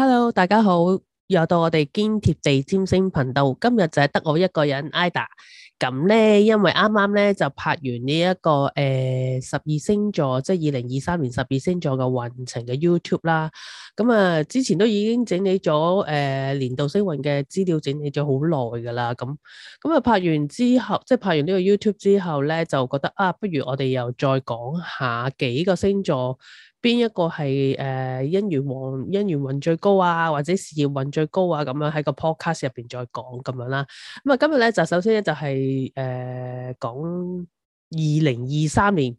Hello，大家好，又到我哋堅貼地占星頻道，今日就係得我一個人，Ida。咁呢，因為啱啱呢就拍完呢、這、一個誒十二星座，即係二零二三年十二星座嘅運程嘅 YouTube 啦。咁啊，之前都已經整理咗誒、呃、年度星運嘅資料，整理咗好耐㗎啦。咁咁啊，拍完之後，即係拍完呢個 YouTube 之後咧，就覺得啊，不如我哋又再講下幾個星座邊一個係誒姻緣旺、姻緣運最高啊，或者事業運最高啊，咁樣喺個 Podcast 入邊再講咁樣啦。咁、嗯、啊，今日咧就首先咧就係誒講二零二三年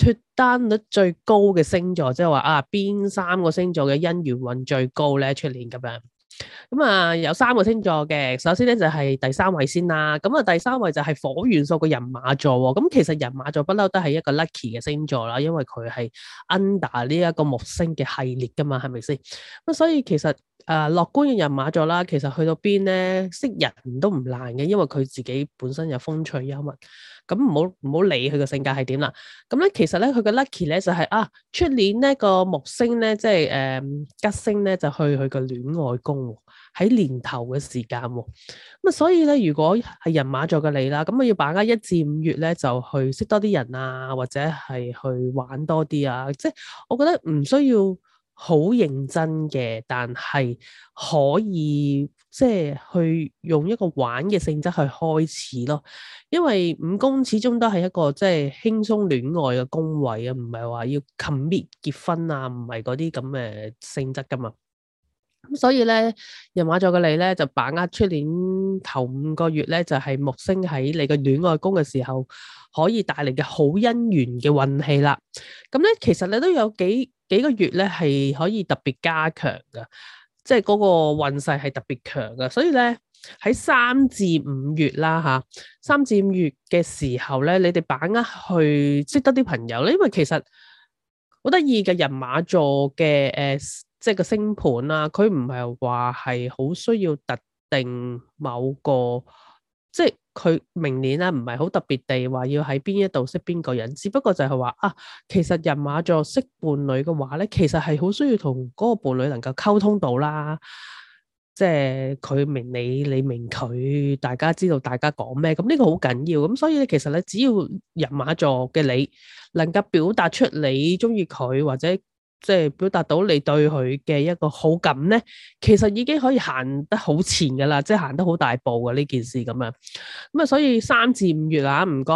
脫單率最高嘅星座，即係話啊，邊三個星座嘅姻緣運最高咧？出年咁樣，咁啊有三個星座嘅，首先咧就係第三位先啦。咁啊第三位就係火元素嘅人馬座。咁其實人馬座不嬲都係一個 lucky 嘅星座啦，因為佢係 under 呢一個木星嘅系列噶嘛，係咪先？咁所以其實。啊！樂觀嘅人馬座啦，其實去到邊咧識人都唔難嘅，因為佢自己本身有風趣幽默，咁唔好唔好理佢個性格係點啦。咁咧其實咧佢嘅 lucky 咧就係、是、啊，出年呢個木星咧即係誒、嗯、吉星咧就去佢個戀愛宮喺、哦、年頭嘅時間喎、哦，咁啊所以咧如果係人馬座嘅你啦，咁啊要把握一至五月咧就去識多啲人啊，或者係去玩多啲啊，即係我覺得唔需要。好認真嘅，但係可以即係去用一個玩嘅性質去開始咯，因為五宮始終都係一個即係輕鬆戀愛嘅宮位啊，唔係話要 commit 結婚啊，唔係嗰啲咁嘅性質㗎嘛。咁所以咧，人馬座嘅你咧就把握出年頭五個月咧，就係、是、木星喺你嘅戀愛宮嘅時候，可以帶嚟嘅好姻緣嘅運氣啦。咁、嗯、咧，其實你都有幾幾個月咧係可以特別加強嘅，即係嗰個運勢係特別強嘅。所以咧喺三至五月啦吓，三、啊、至五月嘅時候咧，你哋把握去識得啲朋友咧，因為其實好得意嘅人馬座嘅誒。呃即係個星盤啦、啊，佢唔係話係好需要特定某個，即係佢明年咧唔係好特別地話要喺邊一度識邊個人，只不過就係話啊，其實人馬座識伴侶嘅話咧，其實係好需要同嗰個伴侶能夠溝通到啦，即係佢明你，你明佢，大家知道大家講咩，咁呢個好緊要，咁所以咧其實咧，只要人馬座嘅你能夠表達出你中意佢或者。即係表達到你對佢嘅一個好感咧，其實已經可以行得好前噶啦，即係行得好大步噶呢件事咁啊。咁啊，所以三至五月啊，唔該，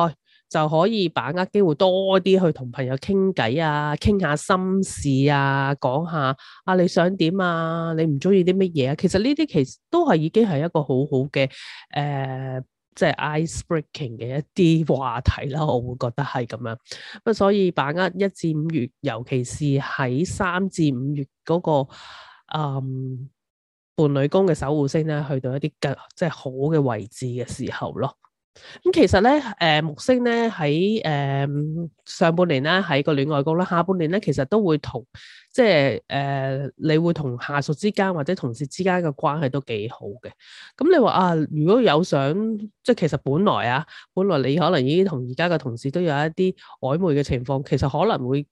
就可以把握機會多啲去同朋友傾偈啊，傾下心事啊，講下啊你想點啊，你唔中意啲乜嘢啊。其實呢啲其實都係已經係一個好好嘅誒。呃即係 ice breaking 嘅一啲話題啦，我會覺得係咁樣。不過所以把握一至五月，尤其是喺三至五月嗰、那個、嗯、伴侶宮嘅守護星咧，去到一啲更即係好嘅位置嘅時候咯。咁其實呢，誒、呃、木星呢喺誒上半年呢喺個戀愛宮啦，下半年呢其實都會同即係誒、呃、你會同下屬之間或者同事之間嘅關係都幾好嘅。咁、嗯、你話啊，如果有想即係其實本來啊，本來你可能已經同而家嘅同事都有一啲曖昧嘅情況，其實可能會。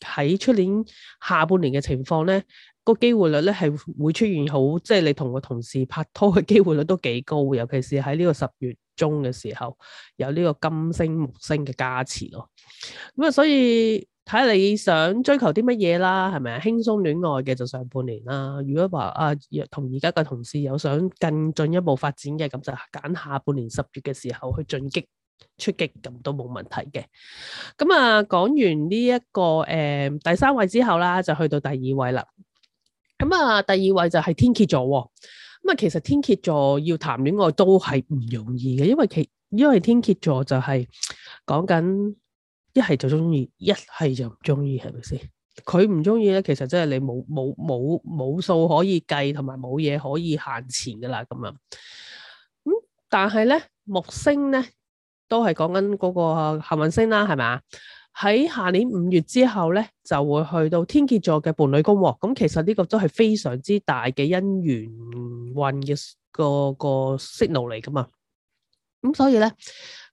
喺出年下半年嘅情況咧，個機會率咧係會出現好，即係你同個同事拍拖嘅機會率都幾高，尤其是喺呢個十月中嘅時候有呢個金星木星嘅加持咯。咁啊，所以睇下你想追求啲乜嘢啦，係咪啊？輕鬆戀愛嘅就上半年啦。如果話啊，同而家嘅同事有想更進一步發展嘅，咁就揀下半年十月嘅時候去進擊。出擊咁都冇問題嘅，咁啊講完呢、這、一個誒、呃、第三位之後啦，就去到第二位啦。咁啊第二位就係天蠍座喎、哦。咁啊其實天蠍座要談戀愛都係唔容易嘅，因為其因為天蠍座就係講緊一係就中意，一係就唔中意，係咪先？佢唔中意咧，其實真係你冇冇冇冇數可以計，同埋冇嘢可以限錢噶啦，咁啊。咁、嗯、但係咧木星咧。都係講緊嗰個幸運星啦，係咪？喺下年五月之後咧，就會去到天蠍座嘅伴侶宮喎。咁、哦、其實呢個都係非常之大嘅姻緣運嘅、嗰個、嗰個 signal 嚟噶嘛。咁所以咧，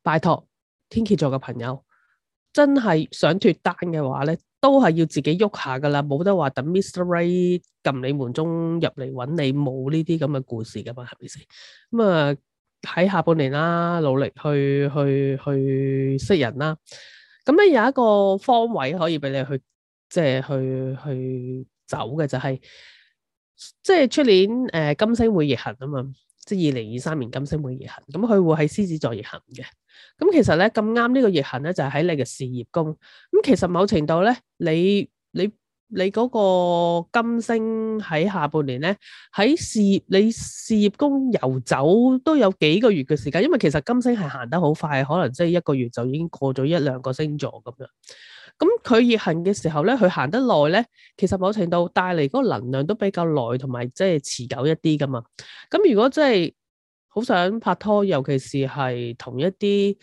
拜託天蠍座嘅朋友，真係想脫單嘅話咧，都係要自己喐下噶啦，冇得話等 Mr Ray 撳你門中入嚟揾你，冇呢啲咁嘅故事噶嘛，係咪先？咁、嗯、啊～喺下半年啦，啊，努力去去去識人啦，啊。咁咧，有一個方位可以俾你去，即係去去走嘅就係、是，即係出年誒金星會逆行啊嘛，即係二零二三年金星會逆行，咁佢會喺獅子座逆行嘅。咁其實咧，咁啱呢個逆行咧就係、是、喺你嘅事業宮。咁其實某程度咧你你。你你嗰個金星喺下半年咧，喺事業你事業宮遊走都有幾個月嘅時間，因為其實金星係行得好快，可能即係一個月就已經過咗一兩個星座咁樣。咁佢逆行嘅時候咧，佢行得耐咧，其實某程度帶嚟嗰個能量都比較耐同埋即係持久一啲噶嘛。咁如果即係好想拍拖，尤其是係同一啲。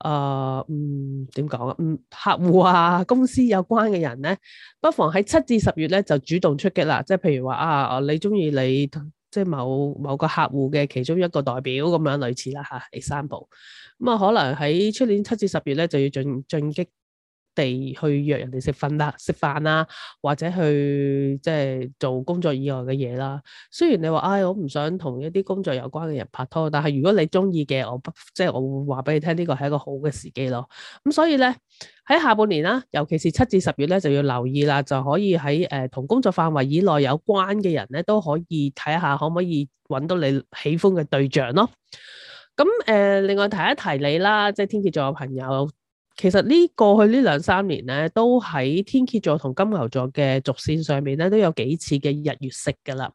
誒，uh, 嗯，點講啊？嗯，客戶啊，公司有關嘅人咧，不妨喺七至十月咧就主動出擊啦。即係譬如話啊，你中意你即係某某個客戶嘅其中一個代表咁樣類似啦吓 example 咁啊，啊、嗯，可能喺出年七至十月咧就要進進擊，地去約人哋食飯啦、食飯啦，或者去即係做工作以外嘅嘢啦。雖然你話，唉、哎，我唔想同一啲工作有關嘅人拍拖，但係如果你中意嘅，我即係我會話俾你聽，呢個係一個好嘅時機咯。咁所以咧，喺下半年啦，尤其是七至十月咧，就要留意啦，就可以喺誒同工作範圍以內有關嘅人咧，都可以睇下可唔可以揾到你喜歡嘅對象咯。咁誒、呃，另外提一提你啦，即係天蠍座嘅朋友。其實呢過去呢兩三年咧，都喺天蠍座同金牛座嘅軸線上面咧，都有幾次嘅日月食噶啦。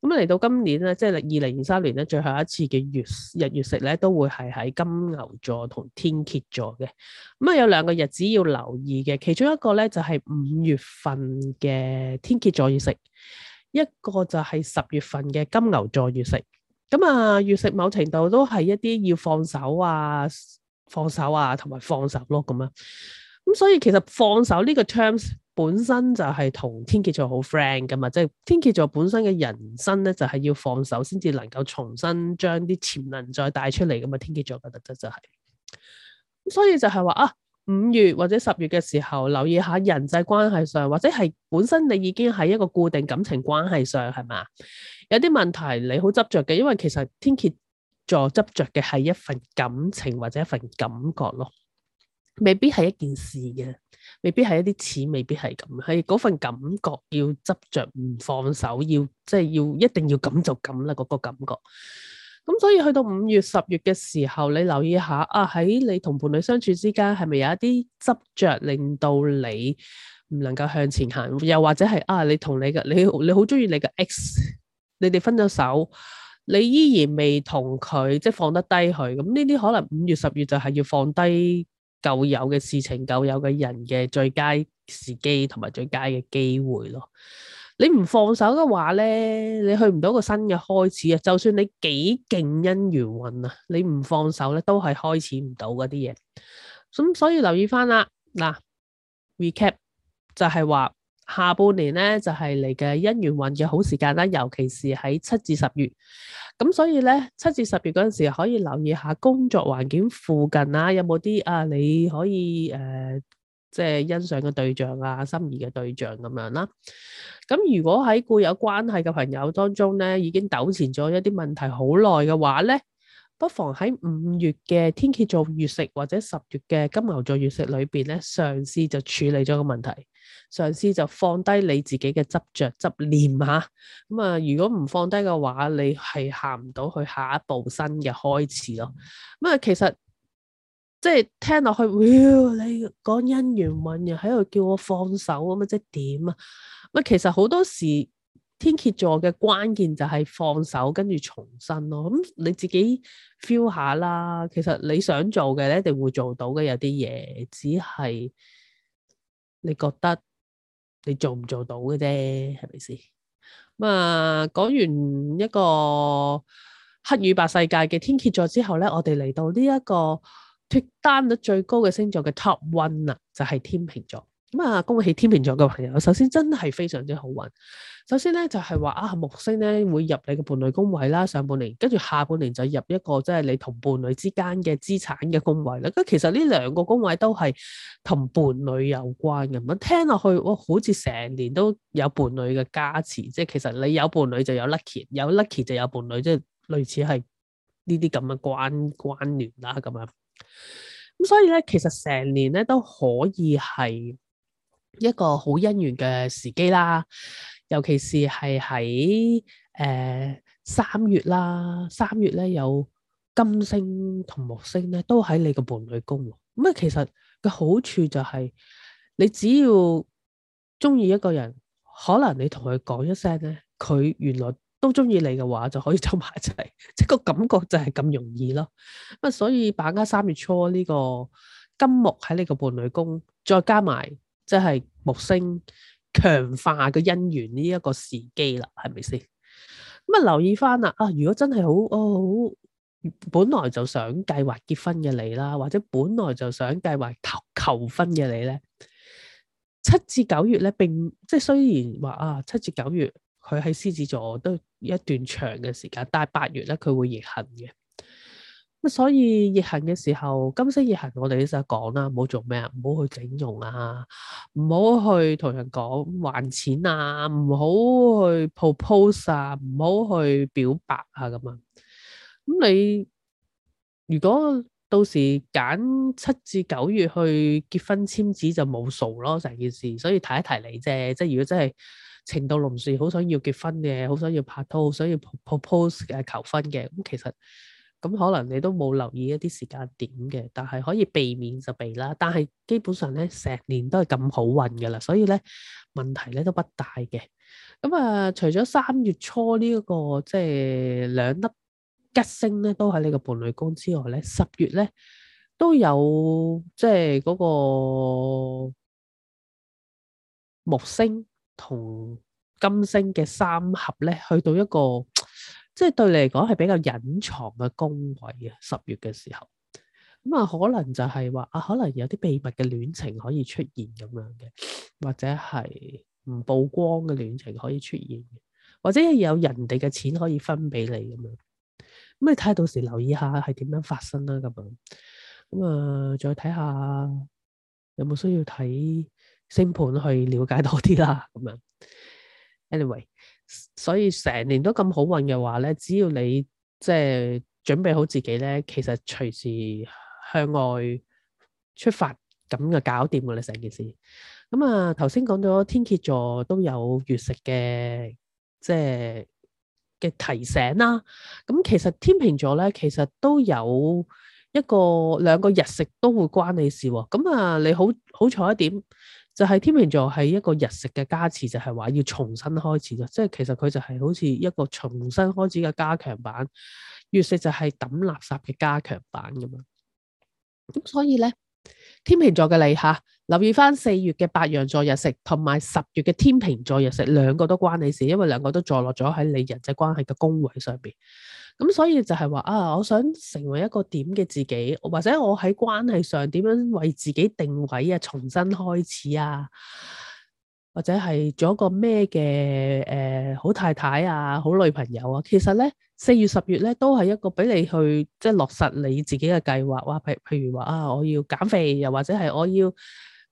咁啊，嚟到今年咧，即係二零二三年咧，最後一次嘅月日月食咧，都會係喺金牛座同天蠍座嘅。咁啊，有兩個日子要留意嘅，其中一個咧就係五月份嘅天蠍座月食，一個就係十月份嘅金牛座月食。咁啊，月食某程度都係一啲要放手啊。放手啊，同埋放手咯，咁啊，咁所以其實放手呢個 terms 本身就係同天蠍座好 friend 噶嘛，即係天蠍座本身嘅人生咧，就係要放手先至能夠重新將啲潛能再帶出嚟，咁啊，天蠍座嘅特質就係，所以就係話啊，五月或者十月嘅時候，留意下人際關係上，或者係本身你已經喺一個固定感情關係上，係嘛，有啲問題你好執着嘅，因為其實天蠍。助執着嘅係一份感情或者一份感覺咯，未必係一件事嘅，未必係一啲錢，未必係咁。係嗰份感覺要執着，唔放手，要即係要一定要咁就咁啦，嗰個感覺。咁所以去到五月十月嘅時候，你留意下啊，喺你同伴侶相處之間，係咪有一啲執着令到你唔能夠向前行？又或者係啊，你同你嘅你你好中意你嘅 X，你哋分咗手。你依然未同佢即係放得低佢，咁呢啲可能五月十月就係要放低舊有嘅事情、舊有嘅人嘅最佳時機同埋最佳嘅機會咯。你唔放手嘅話咧，你去唔到個新嘅開始啊！就算你幾勁姻緣運啊，你唔放手咧，都係開始唔到嗰啲嘢。咁、嗯、所以留意翻啦，嗱，recap 就係話。下半年咧就係嚟嘅姻緣運嘅好時間啦，尤其是喺七至十月，咁所以咧，七至十月嗰陣時可以留意下工作環境附近啊，有冇啲啊，你可以誒、呃、即係欣賞嘅對象啊，心儀嘅對象咁樣啦、啊。咁如果喺固有關係嘅朋友當中咧，已經糾纏咗一啲問題好耐嘅話咧，不妨喺五月嘅天蠍座月食或者十月嘅金牛座月食裏邊咧，嘗試就處理咗個問題。上司就放低你自己嘅執着執念哈，咁、嗯、啊如果唔放低嘅話，你係行唔到去下一步新嘅開始咯。咁、嗯、啊其實即係聽落去，你講姻緣運又喺度叫我放手吖嘛？即係點啊？咁、嗯、其實好多時天蠍座嘅關鍵就係放手跟住重生咯。咁、嗯、你自己 feel 下啦，其實你想做嘅你一定會做到嘅，有啲嘢只係。你覺得你做唔做到嘅啫，係咪先？咁啊，講完一個黑與白世界嘅天蠍座之後咧，我哋嚟到呢一個脫單率最高嘅星座嘅 Top One 啦，就係、是、天秤座。咁啊，恭喜天秤座嘅朋友！首先真係非常之好運。首先咧就係、是、話啊，木星咧會入你嘅伴侶宮位啦，上半年跟住下半年就入一個即係、就是、你同伴侶之間嘅資產嘅宮位啦。咁其實呢兩個宮位都係同伴侶有關嘅。咁聽落去，哇好似成年都有伴侶嘅加持，即係其實你有伴侶就有 lucky，有 lucky 就有伴侶，即係類似係呢啲咁嘅關關聯啦。咁樣咁所以咧，其實成年咧都可以係。一個好姻緣嘅時機啦，尤其是係喺誒三月啦，三月咧有金星同木星咧都喺你個伴侶宮，咁、嗯、啊其實個好處就係、是、你只要中意一個人，可能你同佢講一聲咧，佢原來都中意你嘅話，就可以走埋一齊，即 係個感覺就係咁容易咯。咁、嗯、所以把握三月初呢、這個金木喺你個伴侶宮，再加埋。即係木星強化個姻緣呢一個時機啦，係咪先？咁啊留意翻啦，啊如果真係好哦好，本來就想計劃結婚嘅你啦，或者本來就想計劃求求婚嘅你咧，七至九月咧並即係雖然話啊，七至九月佢喺獅子座都一段長嘅時間，但係八月咧佢會逆行嘅。咁所以逆行嘅時候，金星逆行我，我哋啲就講啦，唔好做咩啊？唔好去整容啊，唔好去同人講還錢啊，唔好去 propose 啊，唔好去表白啊咁啊。咁你如果到時揀七至九月去結婚簽紙就冇數咯，成件事，所以提一提你啫。即係如果真係情到濃時，好想要結婚嘅，好想要拍拖，好想要 propose 嘅求婚嘅，咁其實。咁可能你都冇留意一啲時間點嘅，但係可以避免就避啦。但係基本上咧，成年都係咁好運嘅啦，所以咧問題咧都不大嘅。咁啊，除咗三月初呢一個即係兩粒吉星咧，都喺你個伴侶宮之外咧。十月咧都有即係嗰個木星同金星嘅三合咧，去到一個。即係對你嚟講係比較隱藏嘅宮位啊，十月嘅時候，咁、嗯、啊可能就係話啊，可能有啲秘密嘅戀情可以出現咁樣嘅，或者係唔曝光嘅戀情可以出現，或者有人哋嘅錢可以分俾你咁樣。咁、嗯、你睇下到時留意下係點樣發生啦，咁樣。咁、嗯、啊、呃，再睇下有冇需要睇星盤去了解多啲啦，咁樣。Anyway。.所以成年都咁好運嘅話咧，只要你即係準備好自己咧，其實隨時向外出發咁就搞掂噶啦成件事。咁、嗯、啊，頭先講咗天蠍座都有月食嘅，即係嘅提醒啦。咁、嗯、其實天秤座咧，其實都有一個兩個日食都會關你事、啊。咁、嗯、啊，你好好彩一點。就係天秤座係一個日食嘅加持，就係、是、話要重新開始，即係其實佢就係好似一個重新開始嘅加強版，月食就係抌垃圾嘅加強版咁啊，咁、嗯、所以咧。天秤座嘅你吓，留意翻四月嘅白羊座日食同埋十月嘅天秤座日食，兩個都關你事，因為兩個都坐落咗喺你人際關係嘅宮位上邊。咁所以就係話啊，我想成為一個點嘅自己，或者我喺關係上點樣為自己定位啊，重新開始啊。或者係做一個咩嘅，誒，好太太啊、好女朋友啊，其實咧四月十月咧都係一個俾你去即係、就是、落實你自己嘅計劃，哇！譬譬如話啊，我要減肥，又或者係我要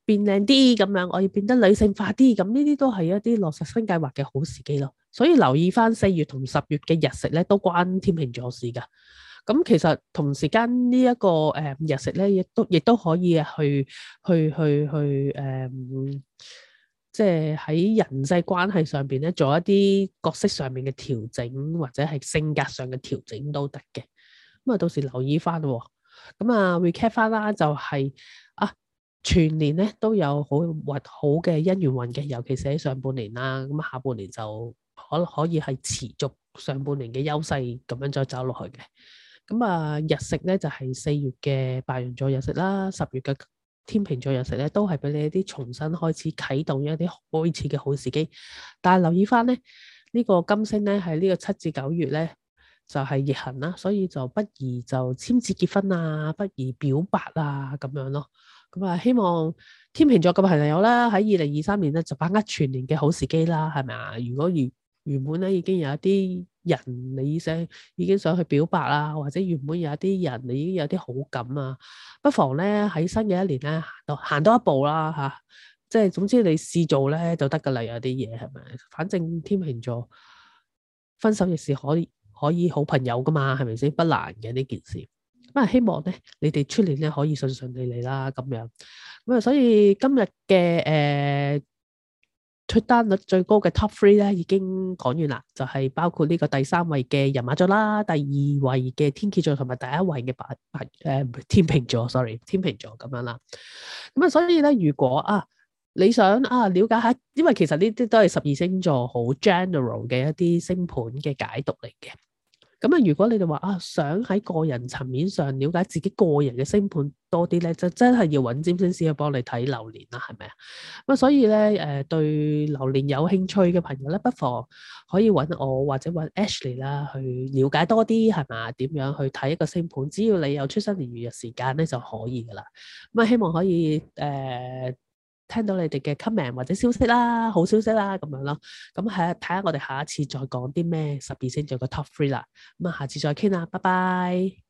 變靚啲咁樣，我要變得女性化啲，咁呢啲都係一啲落實新計劃嘅好時機咯。所以留意翻四月同十月嘅日食咧，都關天秤座事噶。咁、嗯、其實同時間呢一個誒、嗯、日食咧，亦都亦都可以去去去去誒。去嗯即係喺人際關係上邊咧，做一啲角色上面嘅調整，或者係性格上嘅調整都得嘅。咁啊，到時留意翻喎、哦。咁啊，recap 翻啦，就係啊，全年咧都有好運好嘅姻緣運嘅，尤其係喺上半年啦。咁下半年就可可以係持續上半年嘅優勢咁樣再走落去嘅。咁啊，日食咧就係、是、四月嘅白羊座日食啦，十月嘅。天秤座人士咧，都係俾你一啲重新開始、啟動一啲開始嘅好時機。但係留意翻咧，呢、這個金星咧喺呢個七至九月咧就係、是、逆行啦，所以就不宜就簽字結婚啊，不宜表白啊咁樣咯。咁、嗯、啊，希望天秤座嘅朋友啦，喺二零二三年咧就把握全年嘅好時機啦，係咪啊？如果如原本咧已經有一啲。人你已經想去表白啦，或者原本有啲人你已經有啲好感啊，不妨咧喺新嘅一年咧行多行多一步啦嚇，啊，即係總之你試做咧就得㗎啦，有啲嘢係咪？反正天秤座分手亦是可以可以好朋友㗎嘛，係咪先？不難嘅呢件事，咁啊希望咧你哋出年咧可以順順利利啦咁樣，咁啊所以今日嘅誒。呃出單率最高嘅 top three 咧已經講完啦，就係包括呢個第三位嘅人馬座啦，第二位嘅天蠍座同埋第一位嘅白白誒天秤座，sorry 天秤座咁樣啦。咁啊，所以咧，如果啊你想啊了解下，因為其實呢啲都係十二星座好 general 嘅一啲星盤嘅解讀嚟嘅。咁啊，如果你哋話啊，想喺個人層面上了解自己個人嘅星盤多啲咧，就真係要揾占星師去幫你睇流年啦，係咪啊？咁所以咧，誒、呃、對流年有興趣嘅朋友咧，不妨可以揾我或者揾 Ashley 啦，去了解多啲係嘛？點樣去睇一個星盤？只要你有出生年月日時間咧就可以噶啦。咁、嗯、啊，希望可以誒，呃聽到你哋嘅 comment 或者消息啦，好消息啦，咁樣咯。咁睇下我哋下一次再講啲咩十二星座嘅 top three 啦。咁啊，下次再傾啦，拜拜。